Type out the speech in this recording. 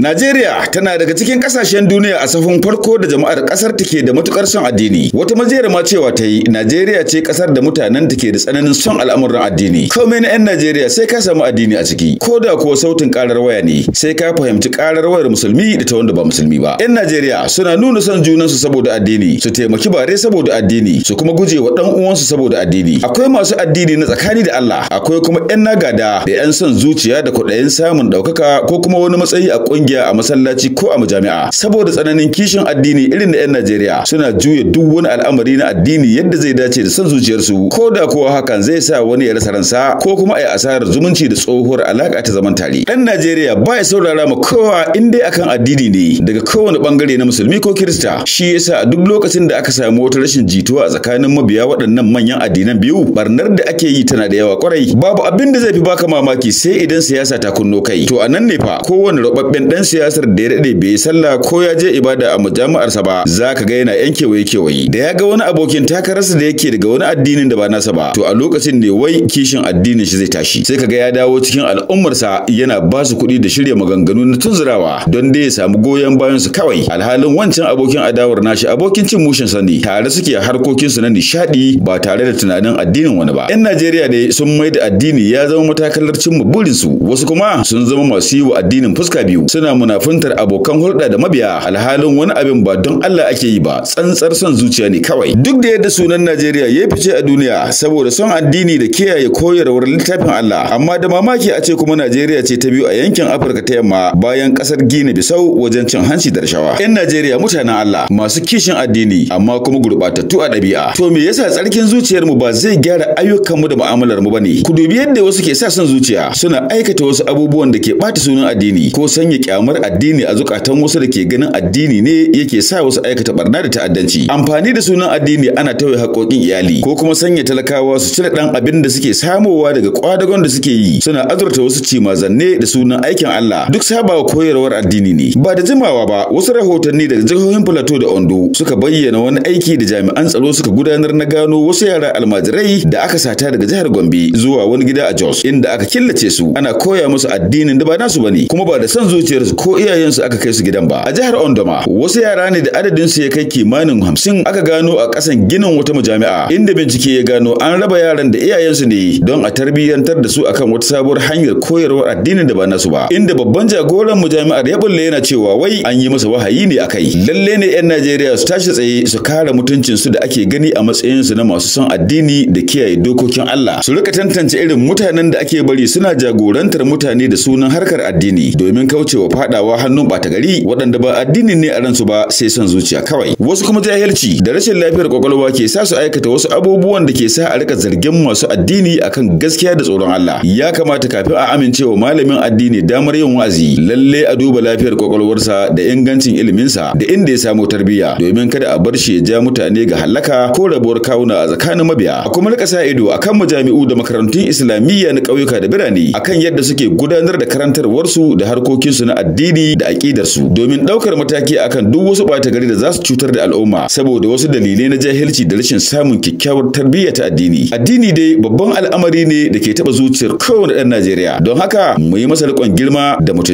Najeriya tana daga cikin kasashen duniya a safin farko da jama'ar kasar take da matukar son addini. Wata majiyar ma cewa ta yi Najeriya ce kasar da mutanen take da tsananin son al'amuran addini. Kome na 'yan Najeriya sai ka samu addini a ciki. Ko da kuwa sautin karar waya ne sai ka fahimci karar wayar musulmi da ta wanda ba musulmi ba. 'Yan Najeriya suna nuna son junansu saboda addini, su taimaki bare saboda addini, su kuma guje wa ɗan uwansu saboda addini. Akwai masu addini na tsakani da Allah, akwai kuma 'yan nagada da 'yan son zuciya da kuɗayen samun ɗaukaka ko kuma wani matsayi a ƙungiyar giya a masallaci ko a majami'a saboda tsananin kishin addini irin da 'yan Najeriya suna juya duk wani al'amari na addini yadda zai dace da son zuciyarsu ko da kuwa hakan zai sa wani ya rasa ransa ko kuma a yi asarar zumunci da tsohuwar alaka ta zaman tare ɗan Najeriya ba ya saurara ma kowa in dai akan addini ne daga kowane bangare na musulmi ko kirista shi yasa a duk lokacin da aka samu wata rashin jituwa a tsakanin mabiya waɗannan manyan addinan biyu barnar da ake yi tana da yawa kwarai babu abin da zai fi baka mamaki sai idan siyasa ta kunno kai to a nan ne fa kowane rubabben ɗan ɗan siyasar da ya daɗe bai sallah ko ya je ibada a mujama'arsa ba za ka ga yana yan kewaye kewaye da ya ga wani abokin takararsa da yake daga wani addinin da ba nasa ba to a lokacin ne wai kishin addinin shi zai tashi sai ga ya dawo cikin al'ummarsa yana ba su kuɗi da shirya maganganu na tunzurawa don dai ya samu goyon bayan su kawai alhalin wancan abokin adawar nashi abokin cin mushin sa ne tare suke harkokin su na nishadi ba tare da tunanin addinin wani ba yan Najeriya dai sun mai da addini ya zama matakalar cimma burin wasu kuma sun zama masu yi wa addinin fuska biyu suna munafuntar abokan hulɗa da mabiya alhalin wani abin ba don Allah ake yi ba tsantsar son zuciya ne kawai duk da yadda sunan Najeriya ya fice a duniya saboda son addini da kiyaye koyarwar littafin Allah amma da mamaki a ce kuma Najeriya ce ta biyu a yankin Afirka ta yamma bayan ƙasar Guinea Bissau wajen cin hanci da rashawa yan Najeriya mutanen Allah masu kishin addini amma kuma gurbatattu a ɗabi'a to me yasa tsarkin zuciyar mu ba zai gyara ayyukan mu da mu'amalar mu bane ku dubi yadda wasu ke sa son zuciya suna aikata wasu abubuwan da ke bata sunan addini ko sanya kyamar addini a zukatan wasu da ke ganin addini ne yake sa wasu aikata barna da ta'addanci amfani da sunan addini ana tauye haƙoƙin iyali ko kuma sanya talakawa su cire dan abin da suke samowa daga kwadagon da suke yi suna azurta wasu cimazanne da sunan aikin Allah duk sabawa koyarwar addini ne ba da jimawa ba wasu rahotanni daga jihohin Plateau da Ondo suka bayyana wani aiki da jami'an tsaro suka gudanar na gano wasu yara almajirai da aka sata daga jihar Gombe zuwa wani gida a Jos inda aka killace su ana koya musu addinin da ba nasu bane kuma ba da son zuciyar mahaifiyarsu ko iyayensu aka kai su gidan ba a jihar Ondoma wasu yara ne da adadin su ya kai kimanin hamsin aka gano a kasan ginin wata majami'a inda bincike ya gano an raba yaran da iyayensu ne don a tarbiyyantar da su akan wata sabuwar hanyar koyarwar addinin da ba nasu ba inda babban jagoran majami'ar ya bulle yana cewa wai an yi masa wahayi ne akai lalle ne yan Najeriya su tashi tsaye su kare mutuncin su da ake gani a matsayin su na masu son addini da kiyaye dokokin Allah su rika tantance irin mutanen da ake bari suna jagorantar mutane da sunan harkar addini domin kaucewa fadawa hannun bata gari waɗanda ba addini ne a ransu ba sai son zuciya kawai wasu kuma jahilci da rashin lafiyar kwakwalwa ke sa su aikata wasu abubuwan da ke sa a rika zargin masu addini akan gaskiya da tsoron Allah ya kamata kafin a amince wa malamin addini damar yin wa'azi lalle a duba lafiyar kwakwalwarsa da ingancin iliminsa da inda ya samu tarbiyya domin kada a bar shi ya ja mutane ga halaka ko rabuwar kawuna a tsakanin mabiya a kuma rika sa ido akan majami'u da makarantun islamiyya na ƙauyuka da birane akan yadda suke gudanar da karantarwarsu da harkokinsu na addini da aƙidar su domin ɗaukar mataki akan duk wasu ɓata gari da za su cutar da al'umma saboda wasu dalilai na jahilci da rashin samun kyakkyawar tarbiyya ta addini. Addini dai babban al'amari ne da ke taɓa zuciyar kowane ɗan Najeriya don haka mu yi masa riƙon girma da mutum